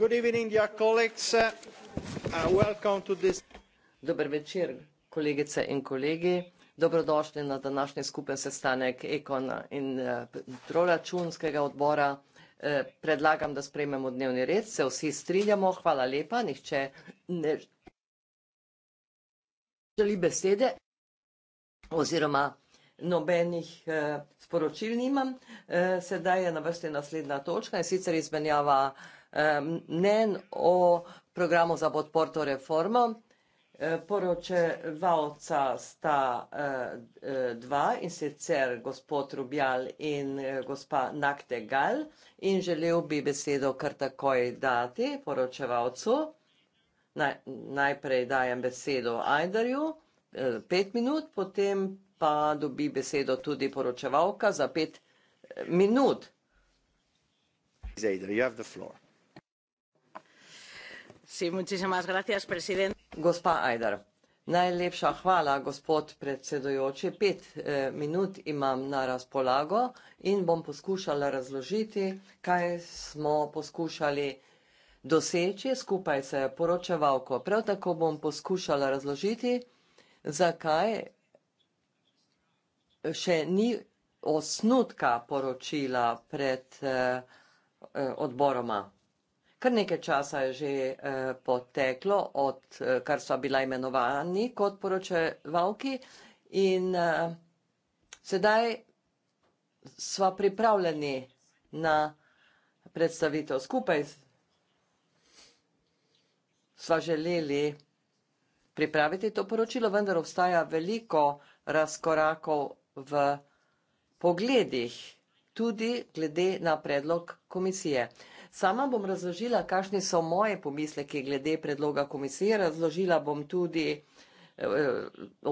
Uh, Dober večer, kolegice in kolegi. Dobrodošli na današnji skupen sestanek ECON in uh, proračunskega odbora. Uh, predlagam, da sprejmemo dnevni red. Se vsi strinjamo? Hvala lepa. Nihče ne želi besede oziroma nobenih sporočil nimam. Sedaj je na vrsti naslednja točka, in sicer izmenjava mnenj o programu za podporto reformo. E, poročevalca sta e, e, dva in sicer gospod Rubjal in gospa Naktegal in želel bi besedo kar takoj dati poročevalcu. Najprej dajem besedo Ajdarju, pet minut, potem pa dobi besedo tudi poročevalka za pet minut. Ajdar, you have the floor gospa eider najlepša hvala gospod predsedujoči pet eh, minut imam na razpolago in bom poskušala razložiti kaj smo poskušali doseči skupaj s poročevalko prav tako bom poskušala razložiti zakaj še ni osnutka poročila pred eh, eh, odboroma Kar nekaj časa je že eh, poteklo, odkar eh, so bila imenovani kot poročevalki in eh, sedaj smo pripravljeni na predstavitev. Skupaj smo želeli pripraviti to poročilo, vendar obstaja veliko razkorakov v pogledih, tudi glede na predlog komisije. Eh, Sama bom razložila, kakšni so moje pomisleki glede predloga komisije. Razložila bom tudi eh,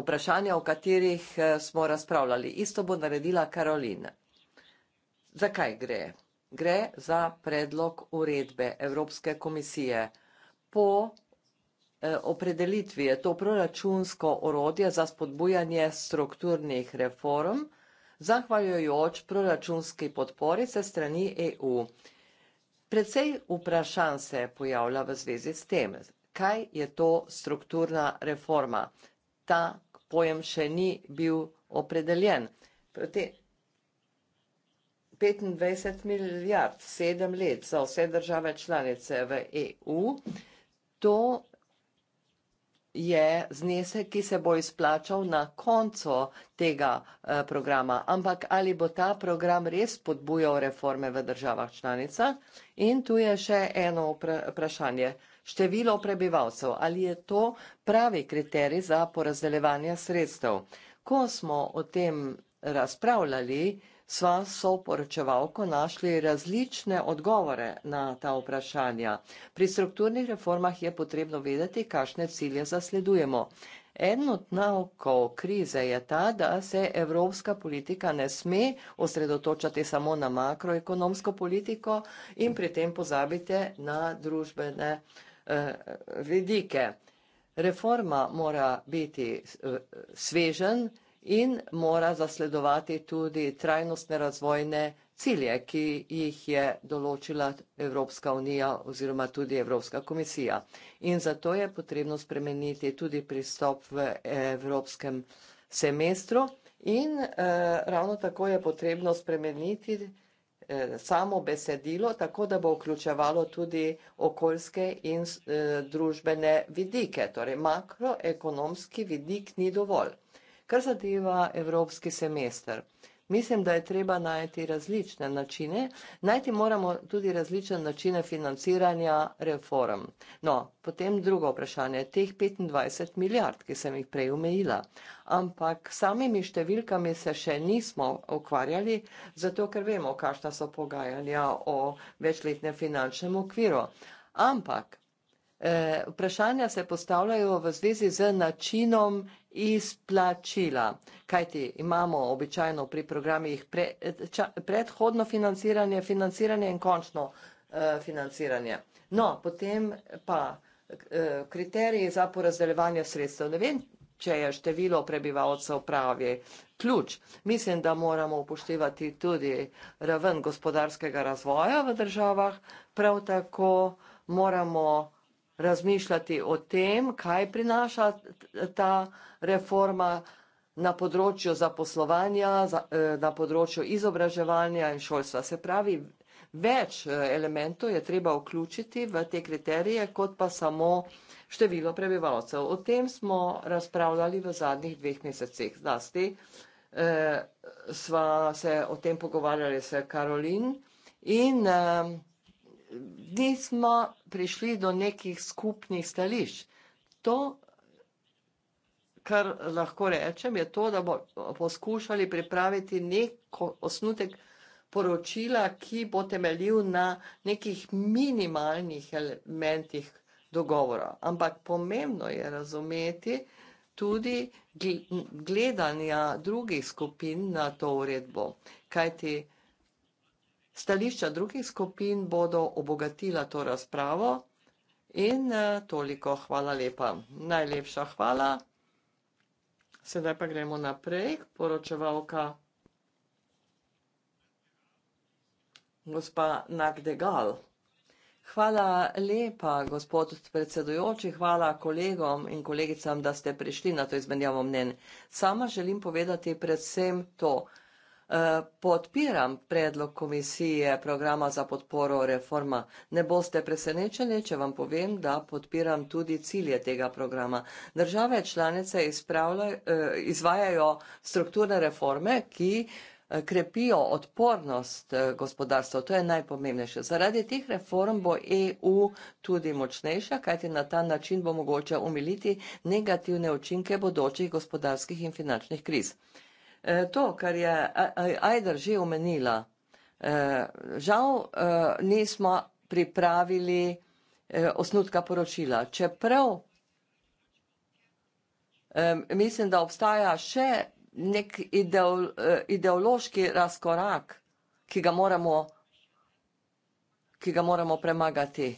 vprašanja, o katerih eh, smo razpravljali. Isto bo naredila Karolina. Zakaj gre? Gre za predlog uredbe Evropske komisije. Po eh, opredelitvi je to proračunsko orodje za spodbujanje strukturnih reform, zahvaljujoč proračunski podpori se strani EU. Predvsej vprašanj se pojavlja v zvezi s tem, kaj je to strukturna reforma. Ta pojem še ni bil opredeljen. Proti 25 milijard, sedem let za vse države članice v EU, to je znesek, ki se bo izplačal na koncu tega eh, programa. Ampak ali bo ta program res podbujal reforme v državah članica? In tu je še eno vprašanje. Število prebivalcev, ali je to pravi kriterij za porazdeljevanje sredstev? Ko smo o tem razpravljali, sva so poročevalko našli različne odgovore na ta vprašanja. Pri strukturnih reformah je potrebno vedeti, kakšne cilje zasledujemo. Eno od navkov krize je ta, da se evropska politika ne sme osredotočati samo na makroekonomsko politiko in pri tem pozabite na družbene eh, vidike. Reforma mora biti eh, svežen, in mora zasledovati tudi trajnostne razvojne cilje, ki jih je določila Evropska unija oziroma tudi Evropska komisija. In zato je potrebno spremeniti tudi pristop v eh, Evropskem semestru in eh, ravno tako je potrebno spremeniti eh, samo besedilo, tako da bo vključevalo tudi okoljske in eh, družbene vidike. Torej makroekonomski vidik ni dovolj. Kar zadeva evropski semester. Mislim, da je treba najti različne načine, najti moramo tudi različne načine financiranja reform. No, potem drugo vprašanje, teh 25 milijard, ki sem jih prej umejila, ampak samimi številkami se še nismo ukvarjali, zato ker vemo, kakšna so pogajanja o večletnem finančnem okviru. Ampak Eh, vprašanja se postavljajo v zvezi z načinom izplačila. Kajti imamo običajno pri programih predhodno financiranje, financiranje in končno eh, financiranje. No, potem pa eh, kriteriji za porazdeljevanje sredstev. Ne vem, če je število prebivalcev pravi ključ. Mislim, da moramo upoštevati tudi raven gospodarskega razvoja v državah. Prav tako moramo razmišljati o tem, kaj prinaša ta reforma na področju zaposlovanja, eh, na področju izobraževanja in šolstva. Se pravi, več eh, elementov je treba vključiti v te kriterije, kot pa samo število prebivalcev. O tem smo razpravljali v zadnjih dveh mesecih. Zlasti eh, sva se o tem pogovarjali s Karolin in eh, nismo prišli do nekih skupnih stališč. To, kar lahko rečem, je to, da bomo poskušali pripraviti nek osnutek poročila, ki bo temeljil na nekih minimalnih elementih dogovora. Ampak pomembno je razumeti tudi gledanja drugih skupin na to uredbo. Kajti, Stališča drugih skupin bodo obogatila to razpravo in eh, toliko hvala lepa. Najlepša hvala. Sedaj pa gremo naprej. Poročevalka gospa Nagdegal. Hvala lepa, gospod predsedujoči, hvala kolegom in kolegicam, da ste prišli na to izmenjavo mnen. Sama želim povedati predvsem to podpiram predlog komisije programa za podporo reforma. Ne boste presenečeni, če vam povem, da podpiram tudi cilje tega programa. Države članice eh, izvajajo strukturne reforme, ki eh, krepijo odpornost eh, gospodarstva. To je najpomembnejše. Zaradi teh reform bo EU tudi močnejša, kajti na ta način bo mogoče umiliti negativne učinke bodočih gospodarskih in finančnih kriz. Eh, to, kar je Ajdar že omenila, eh, žal eh, nismo pripravili osnutka poročila. Čeprav mislim, da obstaja še nek ideološki razkorak, ki ga moramo, ki ga moramo premagati.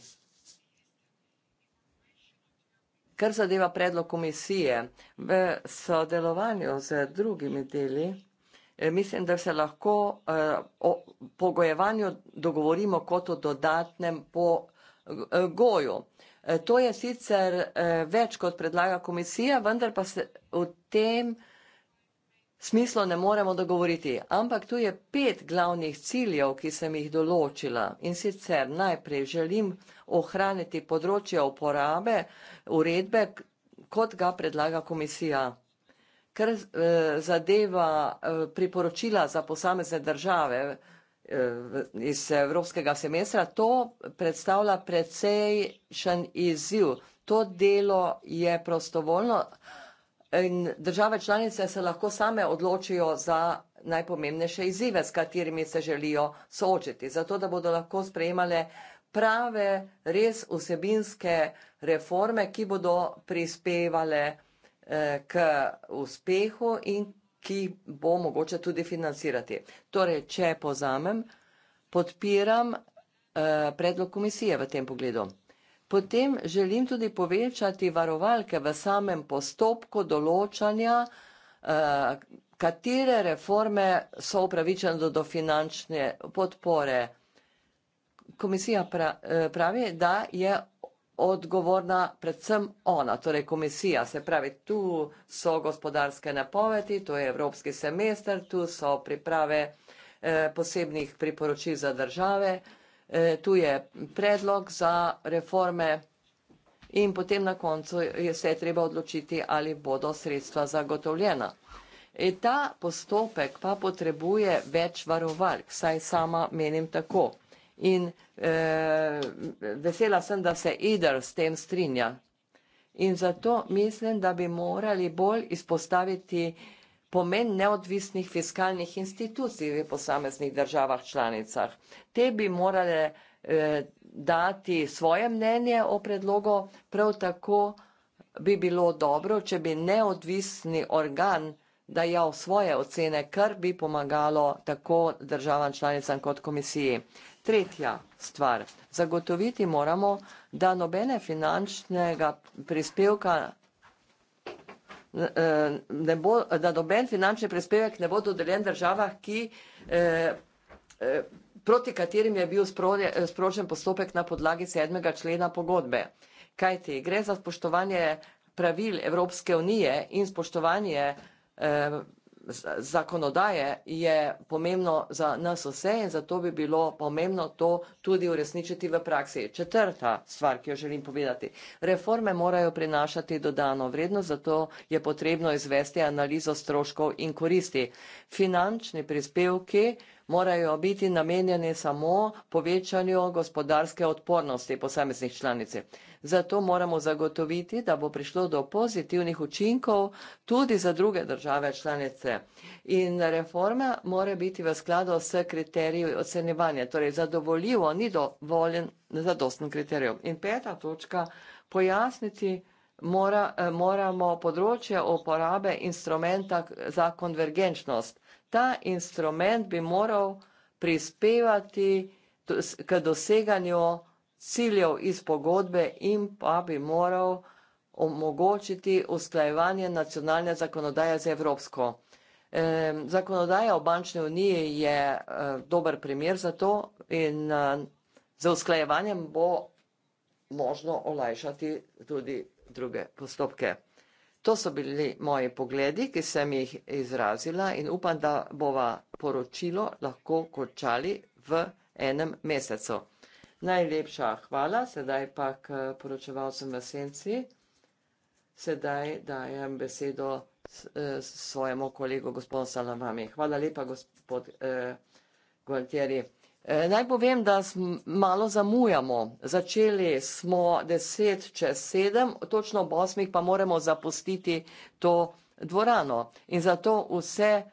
Kar zadeva predlog komisije, v sodelovanju z drugimi deli, eh, mislim, da se lahko eh, o pogojevanju dogovorimo kot o dodatnem pogoju. Eh, to je sicer več, kot predlaga komisija, vendar pa se v tem pogoju, smislu ne moremo dogovoriti, ampak tu je pet glavnih ciljev, ki sem jih določila. In sicer najprej želim ohraniti področje uporabe uredbe, kot ga predlaga komisija. Ker eh, zadeva eh, priporočila za posamezne države eh, iz evropskega semestra, to predstavlja precejšen izziv. To delo je prostovoljno. In države članice se lahko same odločijo za najpomembnejše izzive, s katerimi se želijo soočiti, zato da bodo lahko sprejemale prave, res vsebinske reforme, ki bodo prispevale eh, k uspehu in ki bo mogoče tudi financirati. Torej, če pozamem, podpiram eh, predlog komisije v tem pogledu. Potem želim tudi povečati varovalke v samem postopku določanja, eh, katere reforme so upravičene do, do finančne podpore. Komisija eh, pravi, da je odgovorna predvsem ona, torej komisija. Se pravi, tu so gospodarske napovedi, tu je evropski semester, tu so priprave eh, posebnih priporočil za države. Eh, tu je predlog za reforme in potem na koncu je se treba odločiti, ali bodo sredstva zagotovljena. E, ta postopek pa potrebuje več varovalk, saj sama menim tako. In e, vesela sem, da se IDR s tem strinja. In zato mislim, da bi morali bolj izpostaviti pomen neodvisnih fiskalnih institucij v posameznih državah članicah. Te bi morale eh, dati svoje mnenje o predlogu, prav tako bi bilo dobro, če bi neodvisni organ dajal svoje ocene, kar bi pomagalo tako državam članicam kot komisiji. Tretja stvar. Zagotoviti moramo, da nobene finančnega prispevka ne bo, da noben finančni prispevek ne bo dodeljen državah, ki, eh, eh, proti katerim je bil eh, sprožen postopek na podlagi sedmega člena pogodbe. Kajti gre za spoštovanje pravil Evropske unije in spoštovanje eh, zakonodaje je pomembno za nas vse in zato bi bilo pomembno to tudi uresničiti v praksi. Četrta stvar, ki jo želim povedati. Reforme morajo prinašati dodano vrednost, zato je potrebno izvesti analizo stroškov in koristi. Finančni prispevki morajo biti namenjeni samo povečanju gospodarske odpornosti posameznih članic. Zato moramo zagotoviti, da bo prišlo do pozitivnih učinkov tudi za druge države članice. In reforma mora biti v skladu s kriteriji ocenjevanja. Torej, zadovoljivo ni dovoljen zadosten kriterijev. In peta točka, pojasniti mora, eh, moramo področje uporabe instrumenta za konvergenčnost ta instrument bi moral prispevati k doseganju ciljev iz pogodbe in pa bi moral omogočiti usklajevanje nacionalne zakonodaje z evropsko. Zakonodaja o bančni uniji je e, dober primer za to in e, za usklajevanjem bo možno olajšati tudi druge postopke. To so bili moji pogledi, ki sem jih izrazila in upam, da bova poročilo lahko končali v enem mesecu. Najlepša hvala, sedaj pa k poročevalcem v senci. Sedaj dajem besedo eh, svojemu kolegu gospodu Salamami. Hvala lepa, gospod eh, Gualtieri. Eh, naj povem, da malo zamujamo. Začeli smo 10 čez 7, točno ob 8 pa moramo zapustiti to dvorano. In zato vse eh,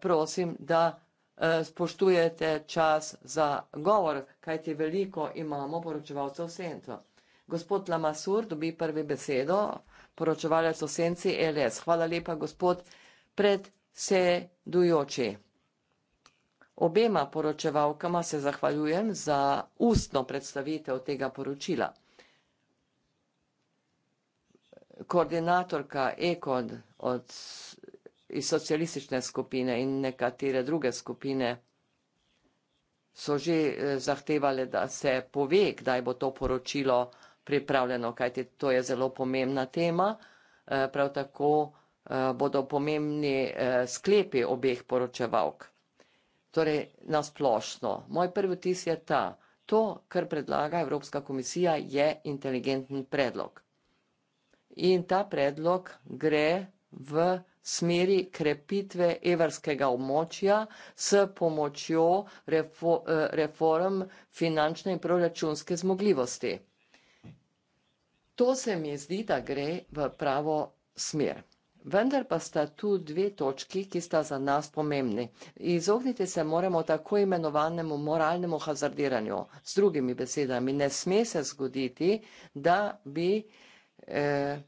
prosim, da eh, spoštujete čas za govor, kajti veliko imamo poročevalcev Sento. Gospod Lamasur dobi prvi besedo, poročevalec v Senci LS. Hvala lepa, gospod predsedujoči. Obema poročevalkama se zahvaljujem za ustno predstavitev tega poročila. Koordinatorka ECOD od, iz socialistične skupine in nekatere druge skupine so že eh, zahtevali, da se pove, kdaj bo to poročilo pripravljeno, kajti to je zelo pomembna tema. Eh, prav tako eh, bodo pomembni sklepi obeh poročevalk torej nasplošno. Moj prvi vtis je ta, to, kar predlaga Evropska komisija, je inteligenten predlog. In ta predlog gre v smeri krepitve evrskega območja s pomočjo eh, reform finančne in proračunske zmogljivosti. To se mi zdi, da gre v pravo smer. Vendar pa sta tu dve točki, ki sta za nas pomembni. Izogniti se moramo tako imenovanemu moralnemu hazardiranju. Z drugimi besedami, ne sme se zgoditi, da bi eh,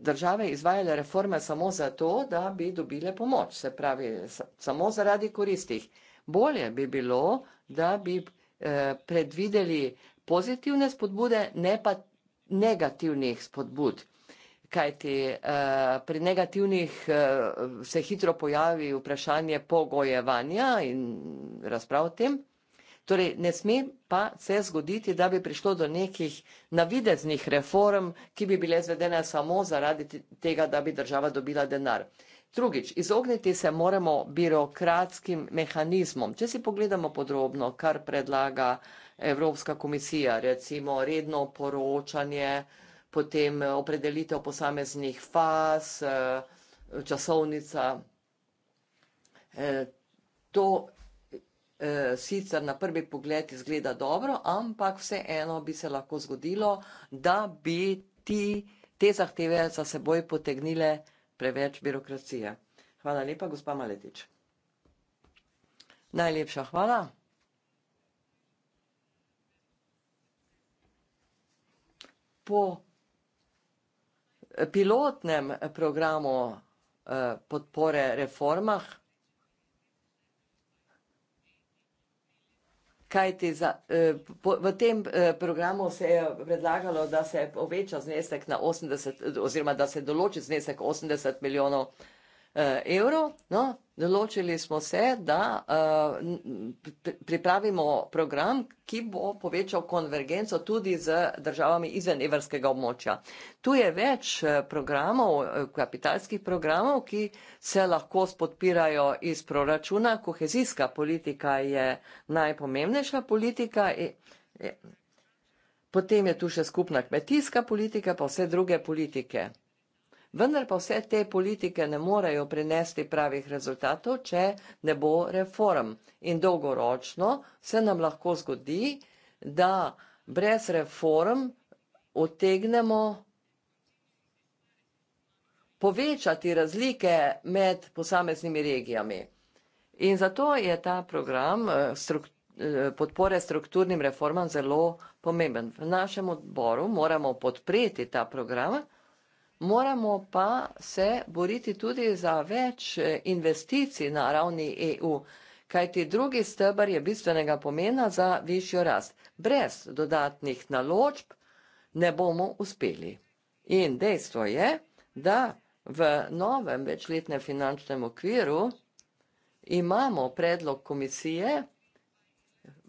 države izvajale reforme samo zato, da bi dobile pomoč, se pravi, samo zaradi koristih. Bolje bi bilo, da bi eh, predvideli pozitivne spodbude, ne pa negativnih spodbud kajti eh, pri negativnih eh, se hitro pojavi vprašanje pogojevanja in razprav o tem. Torej, ne sme pa se zgoditi, da bi prišlo do nekih navideznih reform, ki bi bile izvedene samo zaradi tega, da bi država dobila denar. Drugič, izogniti se moramo birokratskim mehanizmom. Če si pogledamo podrobno, kar predlaga Evropska komisija, recimo redno poročanje, uh, potem eh, opredelitev posameznih faz, eh, časovnica. Eh, to sicer na prvi pogled izgleda dobro, ampak vseeno bi se lahko zgodilo, da bi ti, te zahteve za seboj potegnile preveč birokracije. Hvala lepa, gospa Maletič. Najlepša hvala. Po pilotnem programu eh, podpore reformah, kajti eh, v tem eh, programu se je predlagalo, da se poveča znesek na 80, oziroma da se določi znesek 80 milijonov evrov, Eh, evrov. No, določili smo se, da eh, pripravimo program, ki bo povečal konvergenco tudi z državami izven evrskega območja. Tu je več eh, programov, kapitalskih programov, ki se lahko spodpirajo iz proračuna. Kohezijska politika je najpomembnejša politika. E, e, potem je tu še skupna kmetijska politika, pa vse druge politike. Vendar pa vse te politike ne morejo prinesti pravih rezultatov, če ne bo reform. In dolgoročno se nam lahko zgodi, da brez reform otegnemo povečati razlike med posameznimi regijami. In zato je ta program eh, struktur eh, podpore strukturnim reformam zelo pomemben. V našem odboru moramo podpreti ta program. Moramo pa se boriti tudi za več eh, investicij na ravni EU, kajti drugi stebr je bistvenega pomena za višjo rast. Brez dodatnih naložb ne bomo uspeli. In dejstvo je, da v novem večletnem finančnem okviru imamo predlog komisije,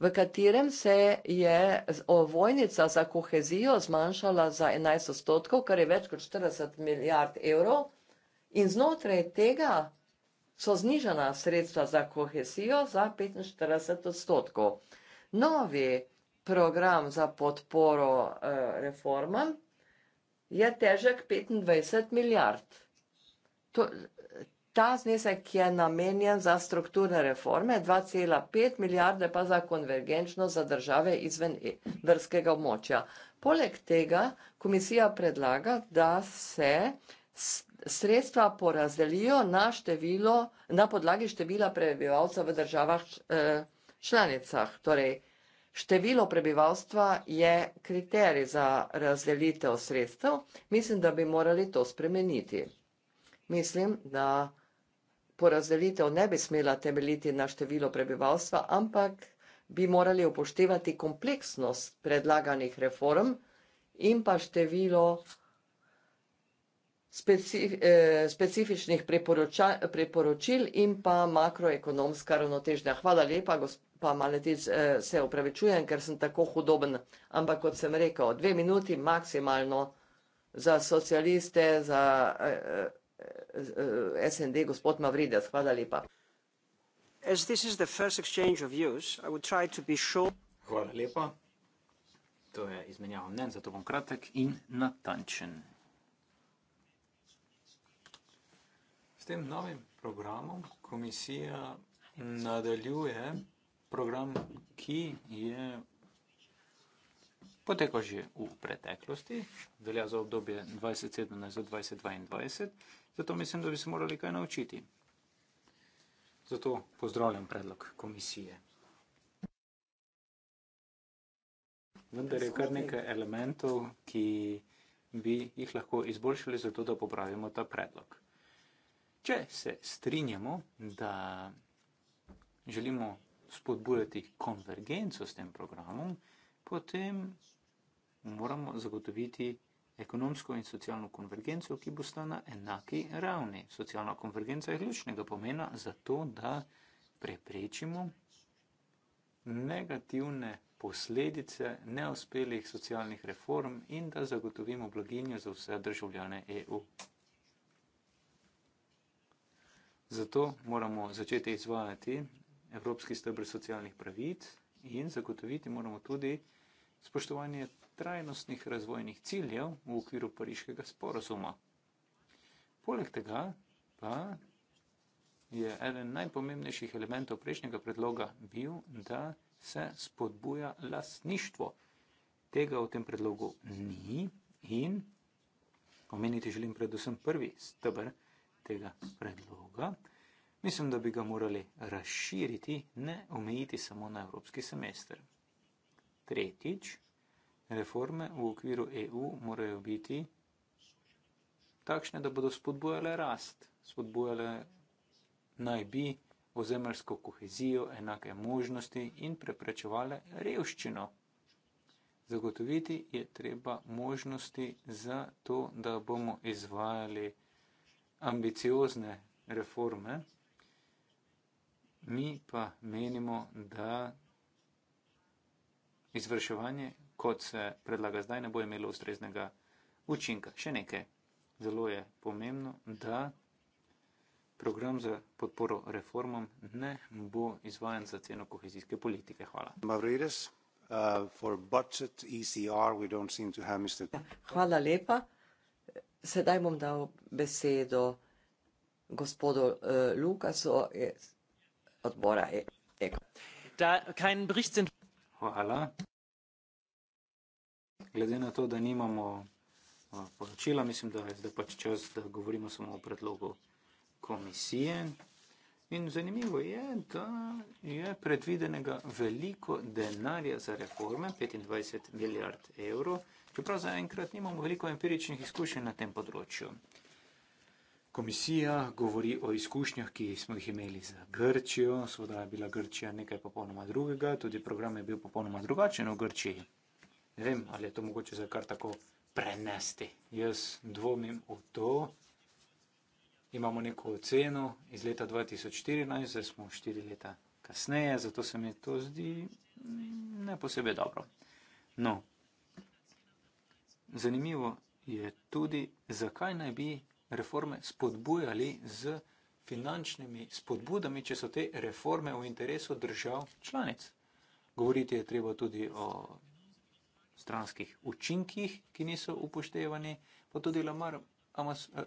v katerem se je ovojnica za kohezijo zmanjšala za 11 odstotkov, kar je več kot 40 milijard evrov, in znotraj tega so znižena sredstva za kohezijo za 45 odstotkov. Novi program za podporo e, reformam je težek 25 milijard. To, Ta znesek je namenjen za strukturne reforme, 2,5 milijarde pa za konvergenčno za države izven evrskega območja. Poleg tega komisija predlaga, da se sredstva porazdelijo na, število, na podlagi števila prebivalca v državah eh, članicah. Torej, Število prebivalstva je kriterij za razdelitev sredstev. Mislim, da bi morali to spremeniti. Mislim, da porazdelitev ne bi smela temeljiti na število prebivalstva, ampak bi morali upoštevati kompleksnost predlaganih reform in pa število eh, specifičnih priporočil in pa makroekonomska ravnotežnja. Hvala lepa, gospa Maletic, eh, se upravičujem, ker sem tako hudoben, ampak kot sem rekel, dve minuti maksimalno za socialiste, za... Eh, eh Eh, SND, gospod Mavrides. Hvala lepa. Hvala lepa. To je izmenjava mnen, zato bom kratek in natančen. S tem novim programom komisija nadaljuje program, ki je potekal že v preteklosti, velja za obdobje 2017 do 2022, zato mislim, da bi se morali kaj naučiti. Zato pozdravljam predlog komisije. Vendar je kar nekaj elementov, ki bi jih lahko izboljšali, zato da popravimo ta predlog. Če se strinjamo, da želimo spodbujati konvergenco s tem programom, potem moramo zagotoviti ekonomsko in socialno konvergenco, ki bo sta na enaki ravni. Socialna konvergenca je ključnega pomena za to, da preprečimo negativne posledice neuspelih socialnih reform in da zagotovimo blaginjo za vse državljane EU. Zato moramo začeti izvajati Evropski stebr socialnih pravic in zagotoviti moramo tudi spoštovanje trajnostnih razvojnih ciljev v okviru pariškega sporozuma. Poleg tega pa je eden najpomembnejših elementov prejšnjega predloga bil, da se spodbuja lasništvo. Tega v tem predlogu ni in omeniti želim predvsem prvi stebr tega predloga. Mislim, da bi ga morali razširiti, ne omejiti samo na evropski semester. Tretjič, reforme v okviru EU morajo biti takšne, da bodo spodbujale rast, spodbujale naj bi ozemeljsko kohezijo, enake možnosti in preprečevale revščino. Zagotoviti je treba možnosti za to, da bomo izvajali ambiciozne reforme. Mi pa menimo, da izvrševanje, kot se predlaga zdaj, ne bo imelo ustreznega učinka. Še nekaj, zelo je pomembno, da program za podporo reformom ne bo izvajan za ceno kohezijske politike. Hvala. Mavrides, uh, budget, ECR, Mr. Ja, hvala lepa. Sedaj bom dal besedo gospodu uh, Lukasu iz odbora. E- da, kein Bericht sind. Hvala. Glede na to, da nimamo poročila, mislim, da je zdaj pač čas, da govorimo samo o predlogu komisije. In zanimivo je, da je predvidenega veliko denarja za reforme, 25 milijard evrov, čeprav zaenkrat nimamo veliko empiričnih izkušenj na tem področju. Komisija govori o izkušnjah, ki smo jih imeli z Grčijo. Sveda je bila Grčija nekaj popolnoma drugega, tudi program je bil popolnoma drugačen v Grčiji. Ne vem, ali je to mogoče za kar tako prenesti. Jaz dvomim v to. Imamo neko oceno iz leta 2014, zdaj smo štiri leta kasneje, zato se mi to zdi mm, ne posebej dobro. No, zanimivo je tudi, zakaj naj bi reforme spodbujali z finančnimi spodbudami, če so te reforme v interesu držav članic. Govoriti je treba tudi o stranskih učinkih, ki niso upoštevani, pa tudi Lamar, Amas, eh,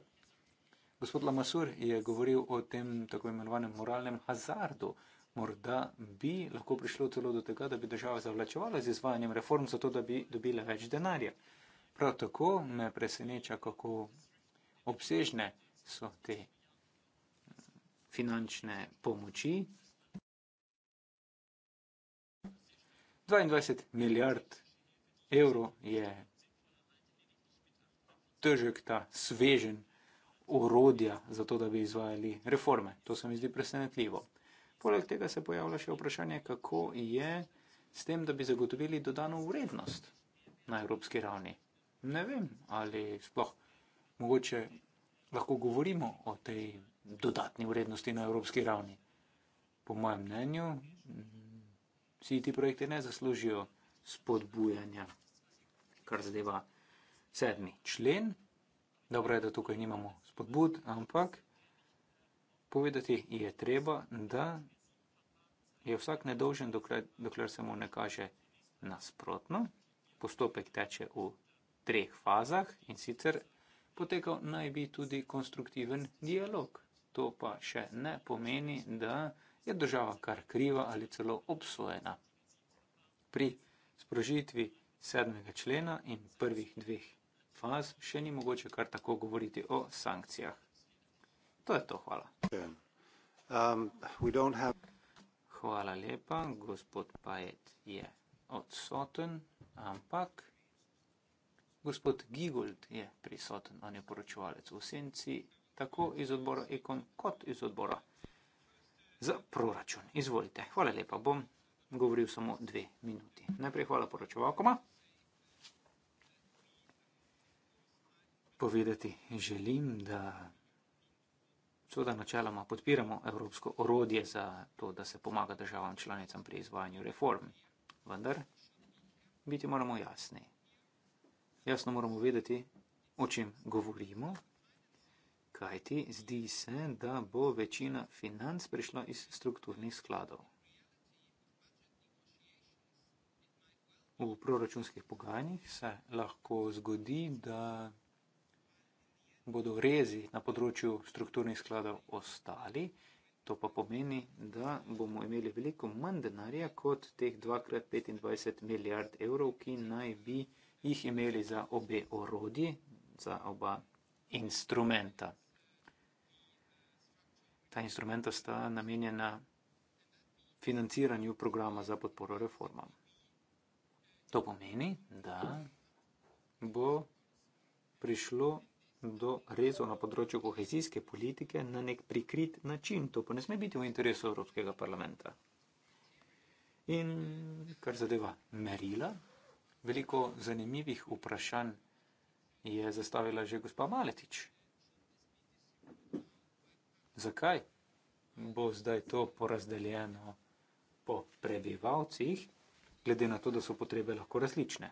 gospod Lamasur je govoril o tem tako imenovanem moralnem hazardu. Morda bi lahko prišlo celo do tega, da bi država zavlačevala z izvajanjem reform, zato da bi dobila več denarja. Prav tako me preseneča, kako obsežne so te finančne pomoči. 22 milijard evrov je težek ta svežen orodja za to, da bi izvajali reforme. To se mi zdi presenetljivo. Poleg tega se pojavlja še vprašanje, kako je s tem, da bi zagotovili dodano vrednost na evropski ravni. Ne vem, ali sploh mogoče lahko govorimo o tej dodatni vrednosti na evropski ravni. Po mojem mnenju, vsi ti projekti ne zaslužijo spodbujanja, kar zadeva sedmi člen. Dobro je, da tukaj nimamo spodbud, ampak povedati je treba, da je vsak nedolžen, dokler, dokler se mu ne kaže nasprotno. Postopek teče v treh fazah in sicer potekal naj bi tudi konstruktiven dialog. To pa še ne pomeni, da je država kar kriva ali celo obsojena. Pri sprožitvi sedmega člena in prvih dveh faz še ni mogoče kar tako govoriti o sankcijah. To je to, hvala. Um, have... Hvala lepa, gospod Pajet je odsoten, ampak gospod Gigold je prisoten, on je poročevalec v senci, tako iz odbora Ekon kot iz odbora za proračun. Izvolite, hvala lepa, bom govoril samo dve minuti. Najprej hvala poročevalkoma. Povedati želim, da seveda načeloma podpiramo evropsko orodje za to, da se pomaga državam članicam pri izvajanju reform. Vendar biti moramo jasni jasno moramo vedeti, o čem govorimo. Kaj ti zdi se, da bo večina financ prišla iz strukturnih skladov? V proračunskih pogajanjih se lahko zgodi, da bodo rezi na področju strukturnih skladov ostali. To pa pomeni, da bomo imeli veliko manj denarja kot teh 2x25 milijard evrov, ki naj bi jih imeli za obe orodji, za oba instrumenta. Ta instrumenta sta namenjena financiranju programa za podporo reformam. To pomeni, da bo prišlo do rezov na področju kohezijske politike na nek prikrit način. To pa ne sme biti v interesu Evropskega parlamenta. In kar zadeva merila, Veliko zanimivih vprašanj je zastavila že gospa Maletič. Zakaj bo zdaj to porazdeljeno po prebivalcih, glede na to, da so potrebe lahko različne?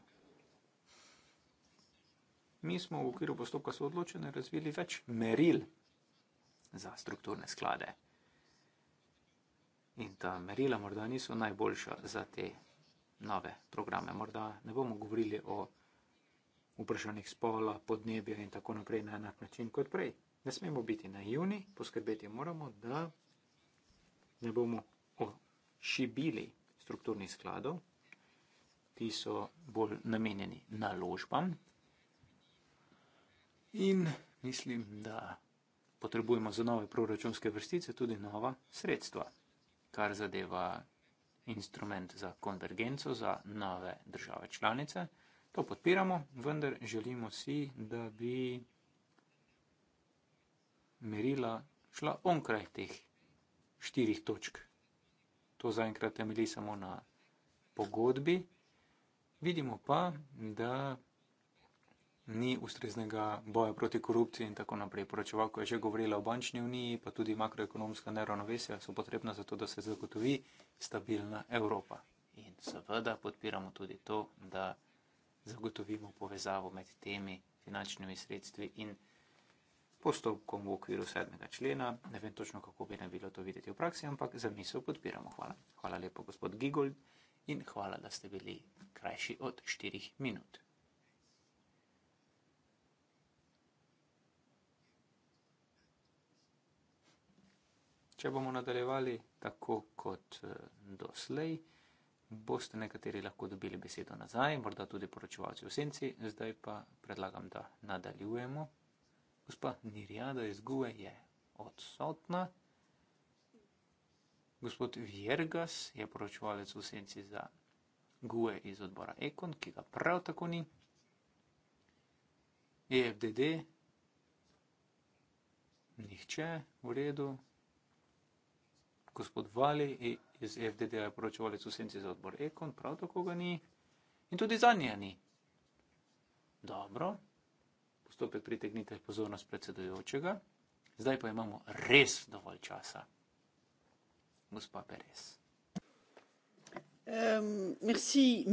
Mi smo v okviru postopka soodločene razvili več meril za strukturne sklade. In ta merila morda niso najboljša za te nove programe. Morda ne bomo govorili o vprašanjih spola, podnebja in tako naprej na enak način kot prej. Ne smemo biti naivni, poskrbeti moramo, da ne bomo ošibili strukturnih skladov, ki so bolj namenjeni naložbam. In mislim, da potrebujemo za nove proračunske vrstice tudi nova sredstva, kar zadeva instrument za konvergenco za nove države članice. To podpiramo, vendar želimo si, da bi merila šla onkraj teh štirih točk. To zaenkrat temelji samo na pogodbi. Vidimo pa, da ni ustreznega boja proti korupciji in tako naprej. Poročevalko je že govorila o bančni uniji, pa tudi makroekonomska neravnovesja so potrebna za to, da se zagotovi stabilna Evropa. In seveda podpiramo tudi to, da zagotovimo povezavo med temi finančnimi sredstvi in postopkom v okviru sedmega člena. Ne vem točno, kako bi ne bilo to videti v praksi, ampak za misel podpiramo. Hvala. Hvala lepo, gospod Gigold, in hvala, da ste bili krajši od štirih minut. Če bomo nadaljevali tako kot eh, doslej, boste nekateri lahko dobili besedo nazaj, morda tudi poročevalci v senci. Zdaj pa predlagam, da nadaljujemo. Gospa Nirjada iz Gue je odsotna. Gospod Viergas je poročevalec v senci za Gue iz odbora Ekon, ki ga prav tako ni. EFDD. Nihče v redu gospod Vali iz FDD-ja poročevalec v senci za odbor Ekon, prav tako ga ni in tudi zanje ni. Dobro, postopek pritegnite pozornost predsedujočega. Zdaj pa imamo res dovolj časa. Gospa Perez. Um, merci,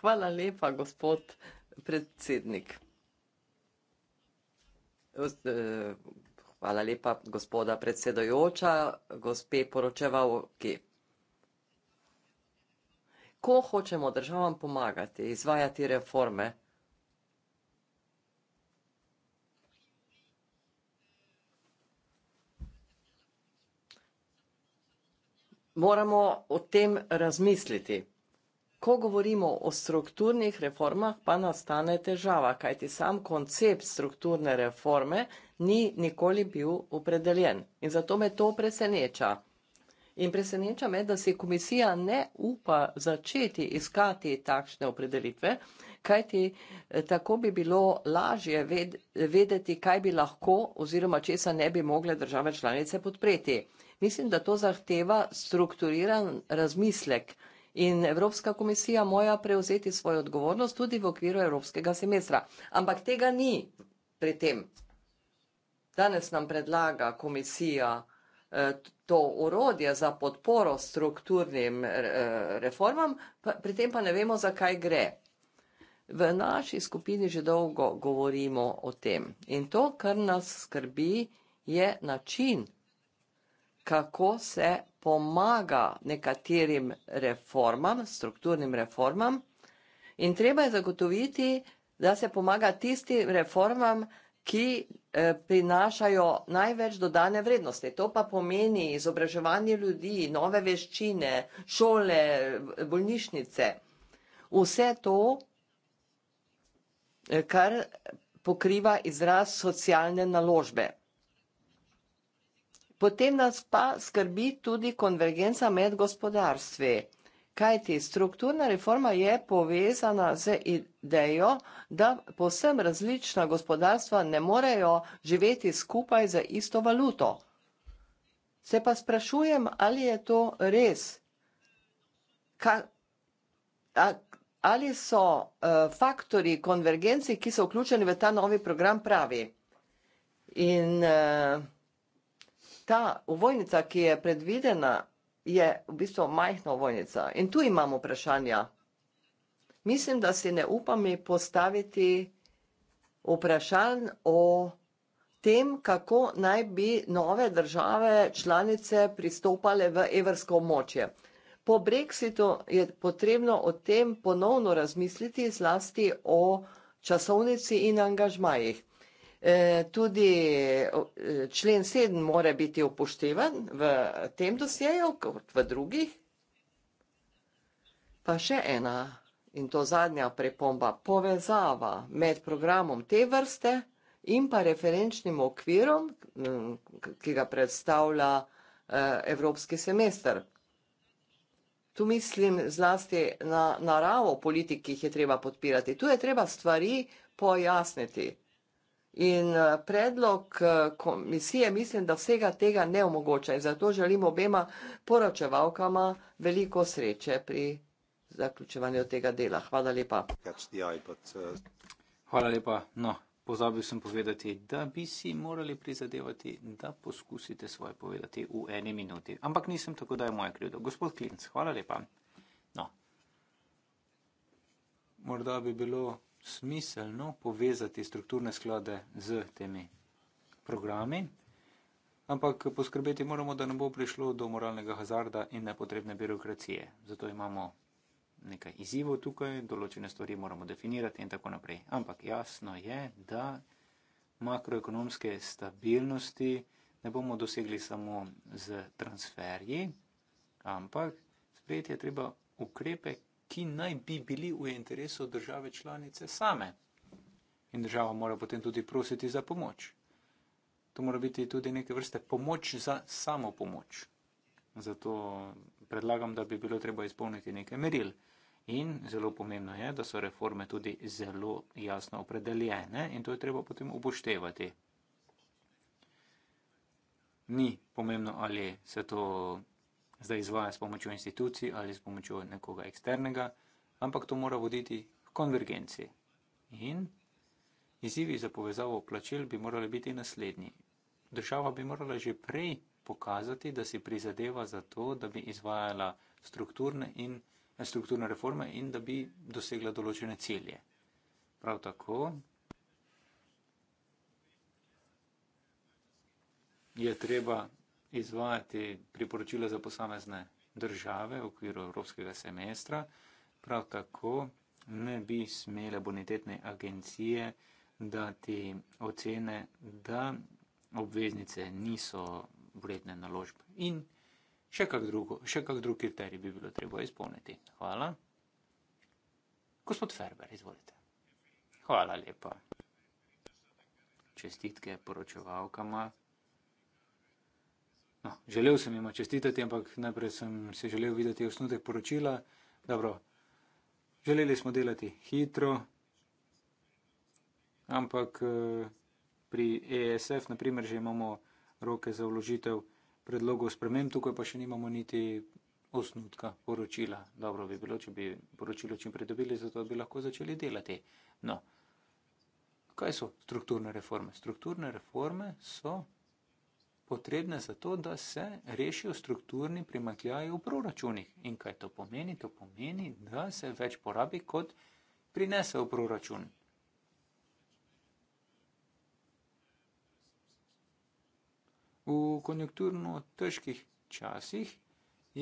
Hvala lepa, gospod predsednik. Eh, Hvala lepa, gospoda predsedojoča, gospe poročevalki. Ko hočemo državam pomagati, izvajati reforme, moramo o tem razmisliti ko govorimo o strukturnih reformah, pa nastane težava, kajti sam koncept strukturne reforme ni nikoli bil opredeljen. In zato me to preseneča. In preseneča me, da si komisija ne upa začeti iskati takšne opredelitve, kajti eh, tako bi bilo lažje vedeti, kaj bi lahko oziroma česa ne bi mogle države članice podpreti. Mislim, da to zahteva strukturiran razmislek in Evropska komisija moja prevzeti svojo odgovornost tudi v okviru Evropskega semestra. Ampak tega ni pri tem. Danes nam predlaga komisija eh, to urodje za podporo strukturnim eh, reformam, pri tem pa ne vemo, zakaj gre. V naši skupini že dolgo govorimo o tem in to, kar nas skrbi, je način kako se pomaga nekaterim reformam, strukturnim reformam in treba je zagotoviti, da se pomaga tistim reformam, ki eh, prinašajo največ dodane vrednosti. To pa pomeni izobraževanje ljudi, nove veščine, šole, bolnišnice. Vse to, eh, kar pokriva izraz socialne naložbe. Potem nas pa skrbi tudi konvergenca med gospodarstvi. Kajti strukturna reforma je povezana z idejo, da posem različna gospodarstva ne morejo živeti skupaj za isto valuto. Se pa sprašujem, ali je to res. Ka, a, ali so uh, faktori konvergenci, ki so vključeni v ta novi program, pravi? In, uh, ta uvojnica, ki je predvidena, je v bistvu majhna uvojnica. In tu imamo vprašanja. Mislim, da si ne upam mi postaviti vprašanj o tem, kako naj bi nove države članice pristopale v evrsko območje. Po brexitu je potrebno o tem ponovno razmisliti zlasti o časovnici in angažmajih. Eh, tudi eh, člen 7 mora biti upoštevan v tem dosjeju, kot v drugih. Pa še ena in to zadnja prepomba, povezava med programom te vrste in pa referenčnim okvirom, mm, ki ga predstavlja eh, Evropski semester. Tu mislim zlasti na naravo politik, ki jih je treba podpirati. Tu je treba stvari pojasniti. In eh, predlog eh, komisije mislim, da vsega tega ne omogoča in zato želim obema poročevalkama veliko sreče pri zaključevanju tega dela. Hvala lepa. Eh, hvala lepa. No, pozabil sem povedati, da bi si morali prizadevati, da poskusite svoje povedati v eni minuti. Ampak nisem tako, da je moja krivda. Gospod Klinc, hvala lepa. No. Morda bi bilo smiselno povezati strukturne sklade z temi programi, ampak poskrbeti moramo, da ne bo prišlo do moralnega hazarda in nepotrebne birokracije. Zato imamo nekaj izzivov tukaj, določene stvari moramo definirati in tako naprej. Ampak jasno je, da makroekonomske stabilnosti ne bomo dosegli samo z transferji, ampak sprejeti je treba ukrepe, ki naj bi bili v interesu države članice same. In država mora potem tudi prositi za pomoč. To mora biti tudi neke vrste pomoč za samo pomoč. Zato predlagam, da bi bilo treba izpolniti nekaj meril. In zelo pomembno je, da so reforme tudi zelo jasno opredeljene in to je treba potem upoštevati. Ni pomembno, ali se to zdaj izvaja s pomočjo institucij ali s pomočjo nekoga eksternega, ampak to mora voditi v konvergenci. In izzivi za povezavo plačil bi morali biti naslednji. Država bi morala že prej pokazati, da si prizadeva za to, da bi izvajala strukturne, in, strukturne reforme in da bi dosegla določene cilje. Prav tako je treba izvajati priporočila za posamezne države v okviru evropskega semestra. Prav tako ne bi smele bonitetne agencije dati ocene, da obveznice niso vredne naložbe. In še kak, drugo, še kak drug kriterij bi bilo treba izpolniti. Hvala. Gospod Ferber, izvolite. Hvala lepa. Čestitke poročevalkama. No, želel sem jim čestitati, ampak najprej sem si želel videti osnutek poročila. Dobro, želeli smo delati hitro, ampak eh, pri ESF, naprimer, že imamo roke za vložitev predlogov sprememb, tukaj pa še nimamo niti osnutka poročila. Dobro bi bilo, če bi poročilo čim predobili, zato bi lahko začeli delati. No, kaj so strukturne reforme? Strukturne reforme so potrebne za to, da se rešijo strukturni primakljaji v proračunih. In kaj to pomeni? To pomeni, da se več porabi, kot prinese v proračun. V konjunkturno težkih časih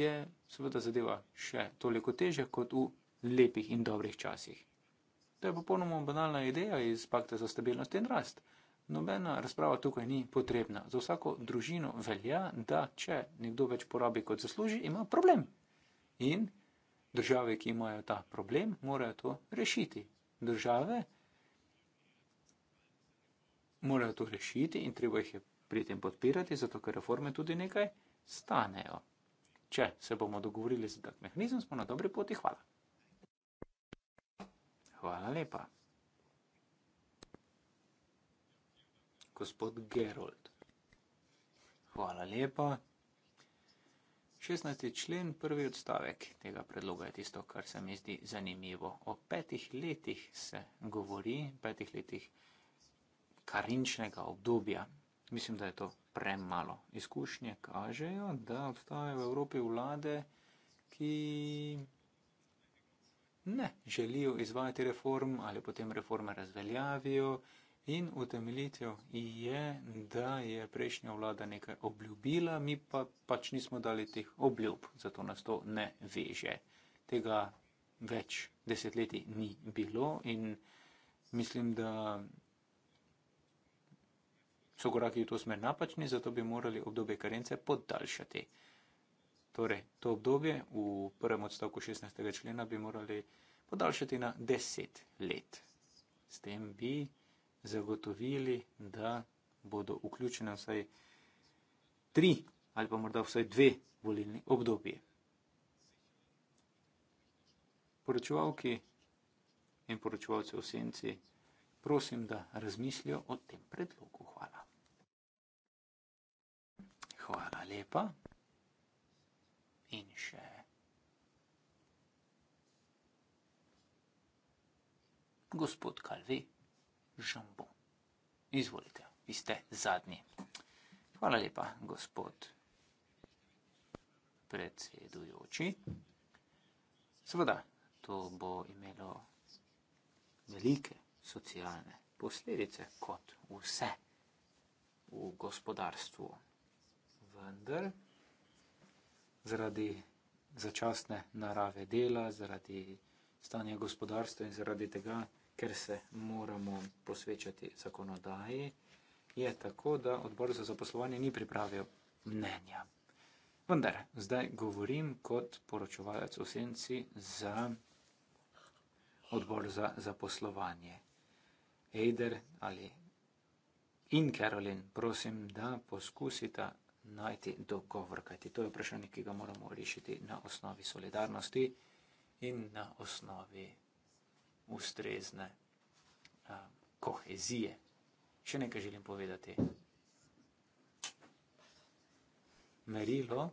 je seveda zadeva še toliko težja kot v lepih in dobrih časih. To je popolnoma banalna ideja iz Pakta za stabilnost in rast. Nobena razprava tukaj ni potrebna. Za vsako družino velja, da če nekdo več porabi, kot zasluži, ima problem. In države, ki imajo ta problem, morajo to rešiti. Države morajo to rešiti in treba jih je pri tem podpirati, zato ker reforme tudi nekaj stanejo. Če se bomo dogovorili za tak mehanizem, smo na dobri poti. Hvala. Hvala lepa. gospod Gerold. Hvala lepa. 16. člen, prvi odstavek tega predloga je tisto, kar se mi zdi zanimivo. O petih letih se govori, petih letih karinčnega obdobja. Mislim, da je to premalo. Izkušnje kažejo, da obstajajo v Evropi vlade, ki ne želijo izvajati reform ali potem reforme razveljavijo. In utemeljitev je, da je prejšnja vlada nekaj obljubila, mi pa pač nismo dali teh obljub, zato nas to ne veže. Tega več desetletij ni bilo in mislim, da so koraki v to smer napačni, zato bi morali obdobje karence podaljšati. Torej, to obdobje v prvem odstavku 16. člena bi morali podaljšati na deset let. S tem bi zagotovili, da bodo vključene vsaj tri ali pa morda vsaj dve volilni obdobje. Poročevalki in poročevalci v senci, prosim, da razmislijo o tem predlogu. Hvala. Hvala lepa. In še. Gospod Kalvi žambon. Izvolite, vi ste zadnji. Hvala lepa, gospod predsedujoči. Seveda, to bo imelo velike socialne posledice, kot vse v gospodarstvu. Vendar, zaradi začasne narave dela, zaradi stanja gospodarstva in zaradi tega, ker se moramo posvečati zakonodaji, je tako, da odbor za zaposlovanje ni pripravil mnenja. Vendar, zdaj govorim kot poročevalec v senci za odbor za zaposlovanje. Eider ali in Karolin, prosim, da poskusita najti dogovor, kajti to je vprašanje, ki ga moramo rešiti na osnovi solidarnosti in na osnovi ustrezne kohezije. Še nekaj želim povedati. Merilo,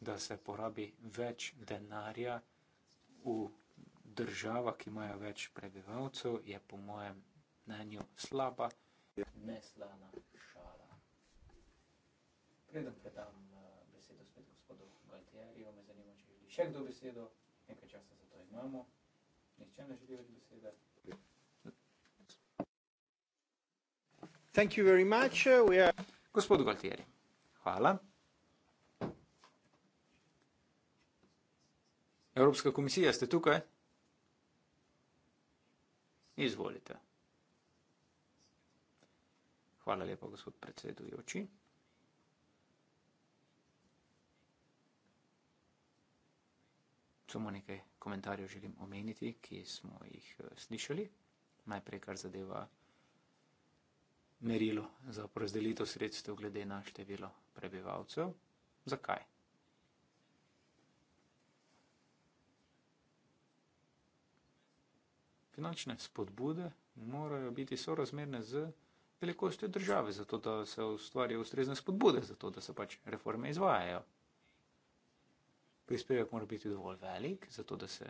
da se porabi več denarja v državah, ki imajo več prebivalcev, je po mojem mnenju slaba, neslana šala. Preden predam besedo spet gospodu Galtierju, me zanima, če želi še kdo besedo, nekaj časa za to imamo. Nihče ne želi več besede. Thank you very much. Uh, we are... Gospod Galtieri, hvala. Evropska komisija, ste tukaj? Izvolite. Hvala lepa, gospod predsedujoči. samo nekaj komentarjev želim omeniti, ki smo jih eh, slišali. Najprej, kar zadeva merilo za porazdelitev sredstev glede na število prebivalcev. Zakaj? Finančne spodbude morajo biti sorazmerne z velikostjo države, zato da se ustvarijo ustrezne spodbude, zato da se pač reforme izvajajo prispevek mora biti dovolj velik, zato da se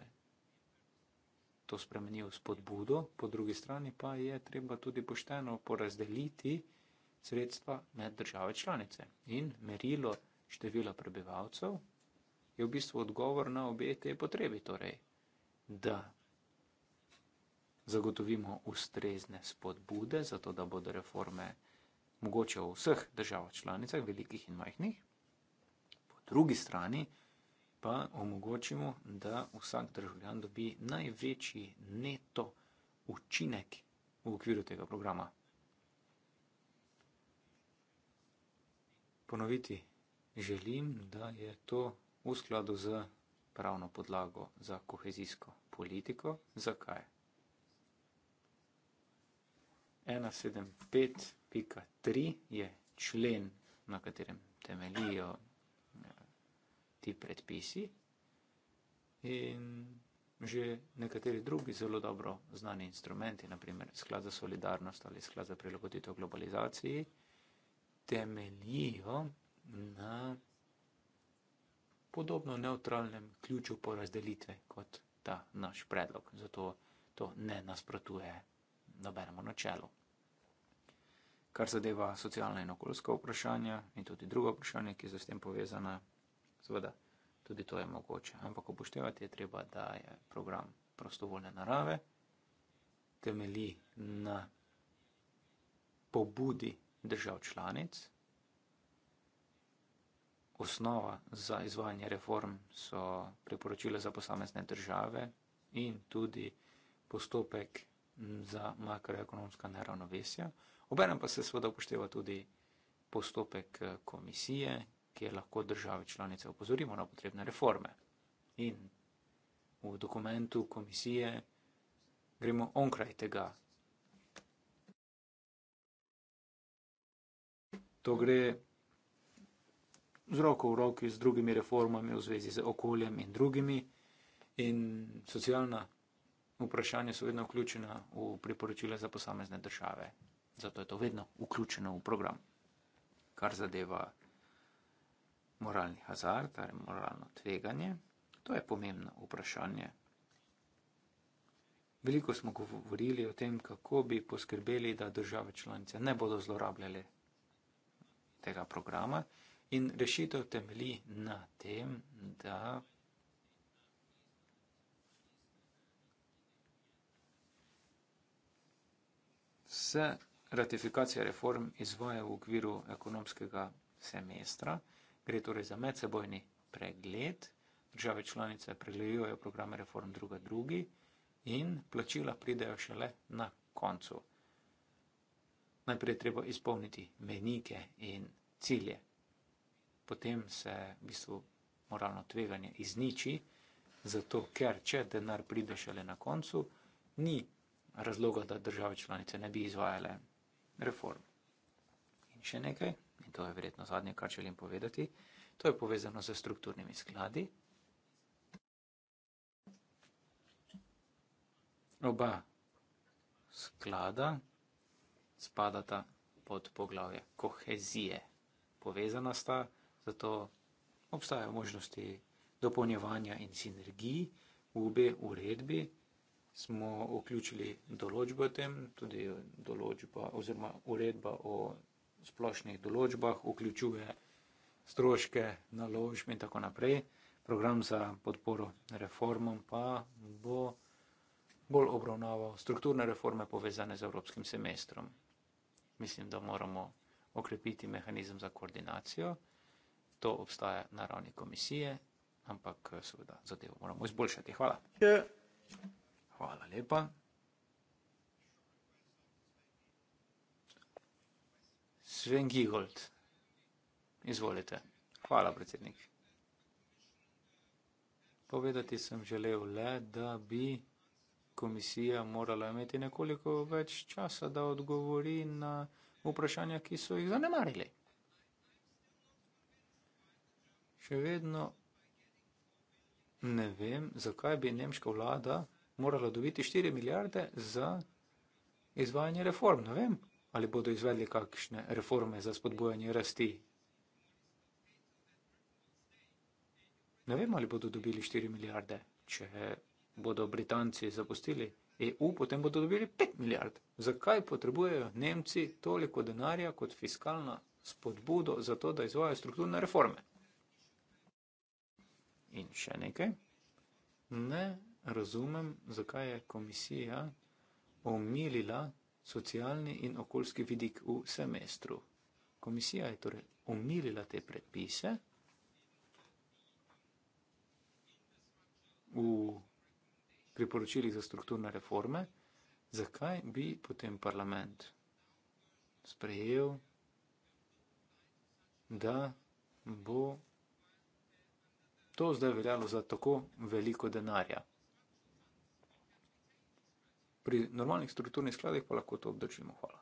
to spremeni v spodbudo, po drugi strani pa je treba tudi pošteno porazdeliti sredstva med države članice. In merilo števila prebivalcev je v bistvu odgovor na obe te potrebi, torej da zagotovimo ustrezne spodbude, zato da bodo reforme mogoče v vseh državah članicah, velikih in majhnih, po drugi strani pa pa omogočimo, da vsak državljan dobi največji neto učinek v okviru tega programa. Ponoviti želim, da je to v skladu z pravno podlago za kohezijsko politiko. Zakaj? 175.3 je člen, na katerem temelijo ti predpisi in že nekateri drugi zelo dobro znani instrumenti, naprimer sklad za solidarnost ali sklad za prilagoditev globalizaciji, temeljijo na podobno neutralnem ključu porazdelitve kot ta naš predlog. Zato to ne nasprotuje nobenemu načelu. Kar zadeva socialna in okoljska vprašanja in tudi druga vprašanja, ki so s tem povezana, Seveda, tudi to je mogoče, ampak upoštevati je treba, da je program prostovoljne narave, temelji na pobudi držav članic. Osnova za izvajanje reform so priporočila za posamezne države in tudi postopek za makroekonomska neravnovesja. Obenem pa se seveda upošteva tudi postopek eh, komisije, kjer lahko države članice opozorimo na potrebne reforme. In v dokumentu komisije gremo onkraj tega. To gre z roko v roki z drugimi reformami v zvezi z okoljem in drugimi. In socialna vprašanja so vedno vključena v priporočila za posamezne države. Zato je to vedno vključeno v program, kar zadeva moralni hazard ali moralno tveganje? To je pomembno vprašanje. Veliko smo govorili o tem, kako bi poskrbeli, da države članice ne bodo zlorabljale tega programa in rešitev temeli na tem, da se ratifikacija reform izvaja v okviru ekonomskega semestra. Gre torej za medsebojni pregled, države članice preglejujejo programe reform druga drugi in plačila pridejo šele na koncu. Najprej je treba izpolniti menike in cilje, potem se v bistvu moralno tveganje izniči, zato ker če denar pride šele na koncu, ni razloga, da države članice ne bi izvajale reform. In še nekaj in to je verjetno zadnje, kar želim povedati, to je povezano z strukturnimi skladi. Oba sklada spadata pod poglavje kohezije. Povezana sta, zato obstajajo možnosti dopolnjevanja in sinergij v obe uredbi. Smo vključili določbo o tem, tudi določba oziroma uredba o splošnih določbah, vključuje stroške, naložb in tako naprej. Program za podporo reformom pa bo bolj obravnaval strukturne reforme povezane z evropskim semestrom. Mislim, da moramo okrepiti mehanizem za koordinacijo. To obstaja na ravni komisije, ampak seveda zadevo moramo izboljšati. Hvala. Hvala lepa. Sven Giegold. Izvolite. Hvala, predsednik. Povedati sem želel le, da bi komisija morala imeti nekoliko več časa, da odgovori na vprašanja, ki so jih zanemarili. Še vedno ne vem, zakaj bi nemška vlada morala dobiti 4 milijarde za izvajanje reform. Ne vem, ali bodo izvedli kakšne reforme za spodbojanje rasti. Ne vemo, ali bodo dobili 4 milijarde. Če bodo Britanci zapustili EU, potem bodo dobili 5 milijard. Zakaj potrebujejo Nemci toliko denarja kot fiskalna spodbudo za to, da izvajo strukturne reforme? In še nekaj. Ne razumem, zakaj je komisija omilila socialni in okoljski vidik v semestru. Komisija je torej omilila te predpise v priporočilih za strukturne reforme, zakaj bi potem parlament sprejel, da bo to zdaj veljalo za tako veliko denarja pri normalnih strukturnih skladih pa lahko to obdržimo. Hvala.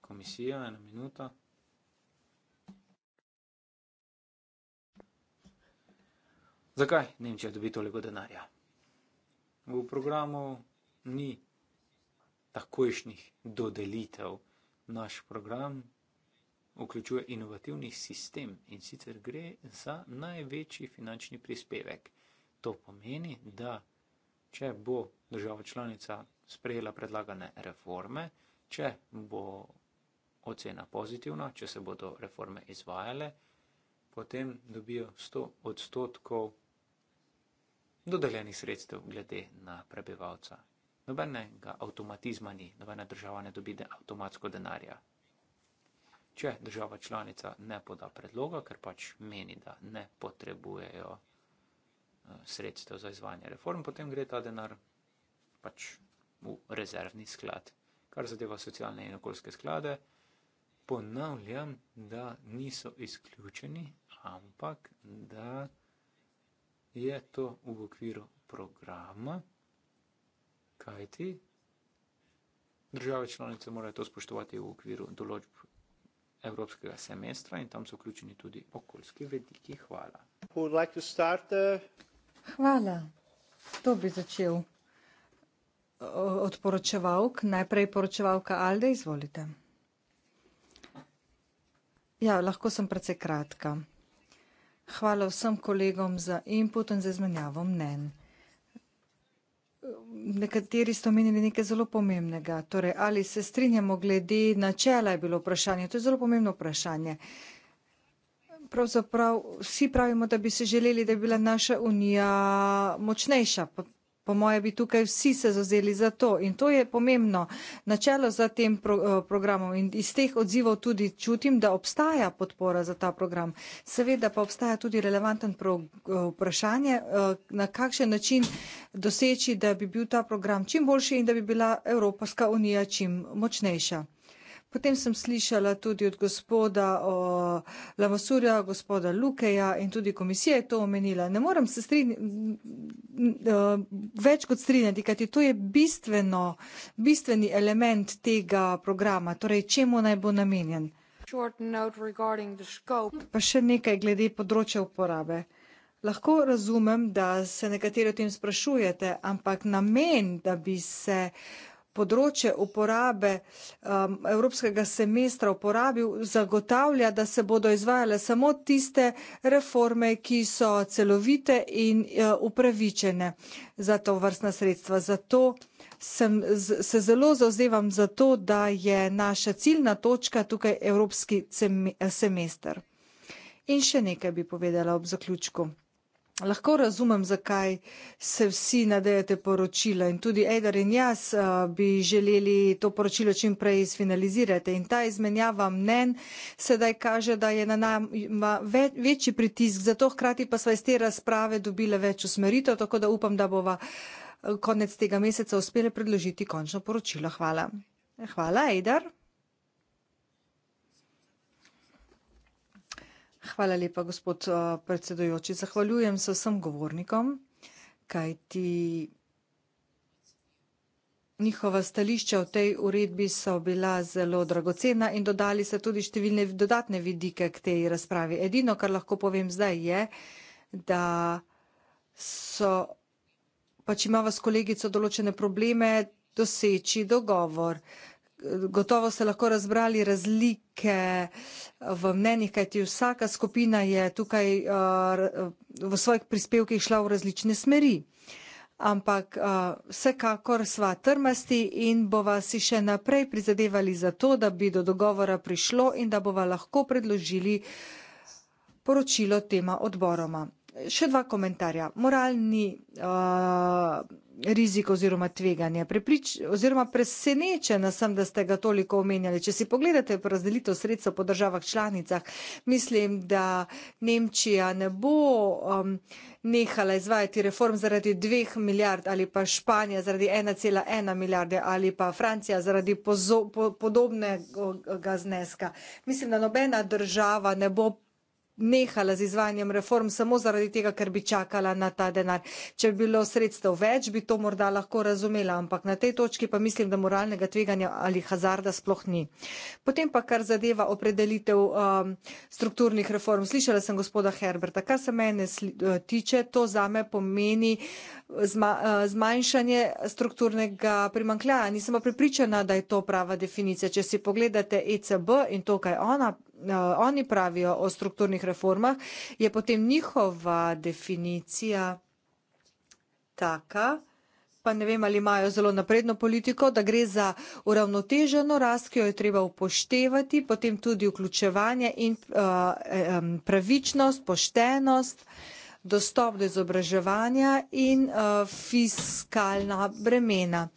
Komisija, ena minuta. Zakaj Nemčija dobi toliko denarja? V programu ni takojšnjih dodelitev. Naš program vključuje inovativni sistem in sicer gre za največji finančni prispevek. To pomeni, da če bo država članica sprejela predlagane reforme, če bo ocena pozitivna, če se bodo reforme izvajale, potem dobijo 100 odstotkov dodeljenih sredstev glede na prebivalca. Nobenega avtomatizma ni, nobena država ne dobi avtomatsko denarja. Če država članica ne poda predloga, ker pač meni, da ne potrebujejo sredstev za izvajanje reform, potem gre ta denar pač v rezervni sklad. Kar zadeva socialne in okoljske sklade, ponavljam, da niso izključeni, ampak da je to v okviru programa, kajti države članice morajo to spoštovati v okviru določb evropskega semestra in tam so vključeni tudi okoljski vediki. Hvala. Hvala. To bi začel od poročevalk. Najprej poročevalka Alde, izvolite. Ja, lahko sem precej kratka. Hvala vsem kolegom za input in za izmenjavo mnen. Nekateri ste omenili nekaj zelo pomembnega. Torej, ali se strinjamo glede načela je bilo vprašanje. To je zelo pomembno vprašanje. Uh, pravzaprav vsi pravimo, da bi se želeli, da bi bila naša unija močnejša. Po moje bi tukaj vsi se zazeli za to in to je pomembno načelo za tem pro, eh, programom in iz teh odzivov tudi čutim, da obstaja podpora za ta program. Seveda pa obstaja tudi relevanten pro, eh, vprašanje, eh, na kakšen način doseči, da bi bil ta program čim boljši in da bi bila Evropska unija čim močnejša. Potem sem slišala tudi od gospoda Lavasurja, gospoda Lukeja in tudi komisija je to omenila. Ne moram se strinjati, eh, več kot strinjati, kajti to je bistveno, bistveni element tega programa, torej čemu naj bo namenjen. Pa še nekaj glede področja uporabe. Lahko razumem, da se nekateri o tem sprašujete, ampak namen, da bi se. Uh, področje uporabe um, evropskega semestra uporabil, zagotavlja, da se bodo izvajale samo tiste reforme, ki so celovite in uh, upravičene za to vrstna sredstva. Zato sem, z, se zelo zauzevam za to, da je naša ciljna točka tukaj evropski eh, semestr. In še nekaj bi povedala ob zaključku. Lahko razumem, zakaj se vsi nadejate poročila in tudi Eder in jaz uh, bi želeli to poročilo čim prej izfinalizirati. In ta izmenjava mnen sedaj kaže, da je na nama ve večji pritisk, zato hkrati pa sva iz te razprave dobila več usmeritev, tako da upam, da bova eh, konec tega meseca uspeli predložiti končno poročilo. Hvala. Hvala, Eder. Hvala lepa, gospod eh, predsedujoči. Zahvaljujem se vsem govornikom, kajti njihova stališča v tej uredbi so bila zelo dragocena in dodali se tudi številne dodatne vidike k tej razpravi. Edino, kar lahko povem zdaj, je, da so pač imava s kolegico določene probleme doseči dogovor. Uh, Gotovo ste lahko razbrali razlike v mnenjih, kajti vsaka skupina je tukaj eh, v svojih prispevkih šla v različne smeri. Ampak eh, vsekakor sva trmasti in bova si še naprej prizadevali za to, da bi do dogovora prišlo in da bova lahko predložili poročilo tema odboroma. Še dva komentarja. Moralni uh, rizik oziroma tveganje. Preprič, oziroma presenečena sem, da ste ga toliko omenjali. Če si pogledate razdelitev sredstev po državah članicah, mislim, da Nemčija ne bo um, nehala izvajati reform zaradi dveh milijard ali pa Španija zaradi 1,1 milijarde ali pa Francija zaradi pozo, po, podobnega zneska. Mislim, da nobena država ne bo nehala z izvajanjem reform samo zaradi tega, ker bi čakala na ta denar. Če bi bilo sredstev več, bi to morda lahko razumela, ampak na tej točki pa mislim, da moralnega tveganja ali hazarda sploh ni. Potem pa kar zadeva opredelitev um, strukturnih reform. Slišala sem gospoda Herberta. Kar se mene eh, tiče, to zame pomeni eh, zma eh, zmanjšanje strukturnega primankljaja. Nisem pa pripričana, da je to prava definicija. Če si pogledate ECB in to, kaj ona uh, oni pravijo o strukturnih reformah, je potem njihova definicija taka. Pa ne vem, ali imajo zelo napredno politiko, da gre za uravnoteženo rast, ki jo je treba upoštevati, potem tudi vključevanje in uh, um, pravičnost, poštenost, dostop do izobraževanja in uh, fiskalna bremena.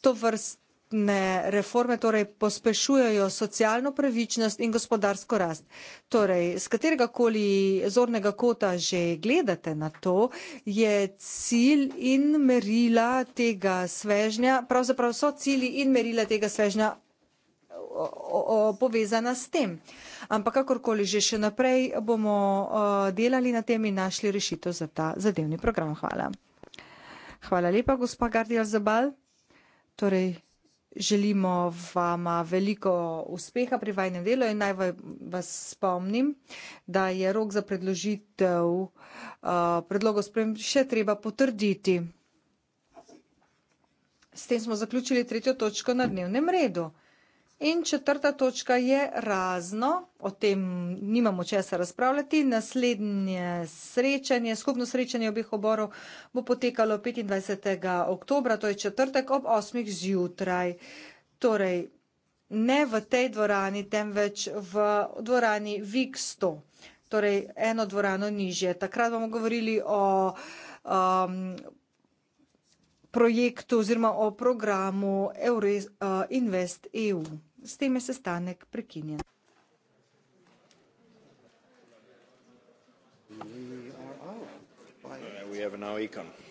To vrst celotne reforme torej pospešujejo socialno pravičnost in gospodarsko rast. Torej, z katerega koli zornega kota že gledate na to, je cilj in merila tega svežnja, pravzaprav so cilji in merila tega svežnja povezana s tem. Ampak kakorkoli že še naprej bomo delali na tem in našli rešitev za ta zadevni program. Hvala. Hvala lepa, gospa Gardijal Zabal. Torej, Želimo vam veliko uspeha pri vajnem delu in naj vas spomnim, da je rok za predložitev uh, predlogov sprem še treba potrditi. S tem smo zaključili tretjo točko na dnevnem redu. In četrta točka je razno, o tem nimamo česa razpravljati. Naslednje srečanje, skupno srečanje obih oborov bo potekalo 25. oktober, to je četrtek ob 8. zjutraj. Torej, ne v tej dvorani, temveč v dvorani VIX 100, torej eno dvorano nižje. Takrat bomo govorili o um, projektu oziroma o programu Eurinvest eh, uh, e EU. S tem je sestanek prekinjen. We are out by... uh, we have now econ.